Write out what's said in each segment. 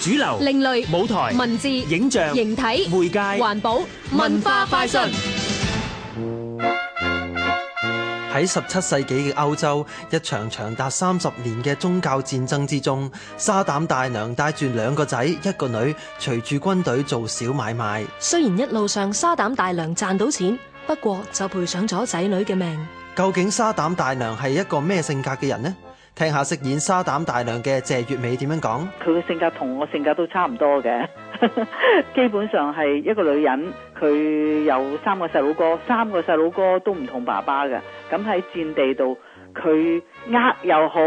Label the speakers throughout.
Speaker 1: 主流、另類、舞台、文字、影像、形體、媒介、環保、文化快訊。
Speaker 2: 喺十七世紀嘅歐洲，一場長達三十年嘅宗教戰爭之中，沙膽大娘帶住兩個仔一個女，隨住軍隊做小買賣。
Speaker 1: 雖然一路上沙膽大娘賺到錢，不過就賠上咗仔女嘅命。
Speaker 2: 究竟沙膽大娘係一個咩性格嘅人呢？聽下飾演沙膽大娘嘅謝月美點樣講，
Speaker 3: 佢嘅性格同我性格都差唔多嘅， 基本上係一個女人，佢有三個細佬哥，三個細佬哥都唔同爸爸嘅，咁喺戰地度，佢呃又好，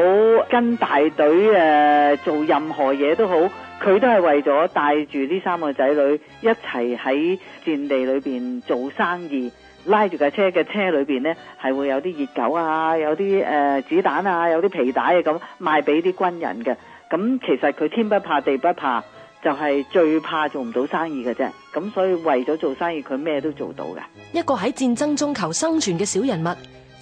Speaker 3: 跟大隊誒做任何嘢都好。佢都係為咗帶住呢三個仔女一齊喺戰地裏面做生意，拉住架車嘅車裏面呢係會有啲熱狗啊，有啲誒子彈啊，有啲皮帶啊咁賣俾啲軍人嘅。咁其實佢天不怕地不怕，就係最怕做唔到生意嘅啫。咁所以為咗做生意，佢咩都做到嘅。一
Speaker 1: 個喺戰爭中求生存嘅小人物。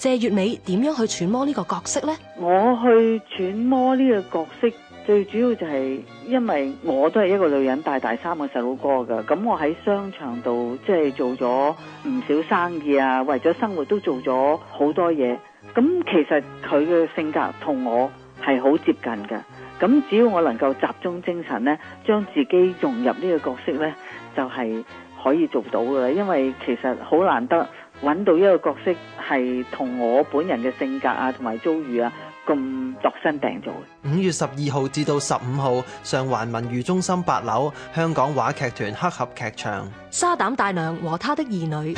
Speaker 1: 謝月尾點樣去揣摩呢個角色呢？
Speaker 3: 我去揣摩呢個角色，最主要就係因為我都係一個女人大大三個細路哥噶，咁我喺商場度即係做咗唔少生意啊，為咗生活都做咗好多嘢。咁其實佢嘅性格同我係好接近噶。咁只要我能夠集中精神咧，將自己融入呢個角色咧，就係可以做到噶啦。因為其實好難得。揾到一個角色係同我本人嘅性格啊，同埋遭遇啊，咁度身訂造
Speaker 2: 嘅。五月十二號至到十五號，上環文娛中心八樓香港話劇團黑盒劇場，
Speaker 1: 《沙膽大娘和他的兒女》。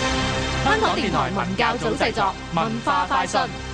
Speaker 1: 香港電台文教組製
Speaker 3: 作，文化快訊。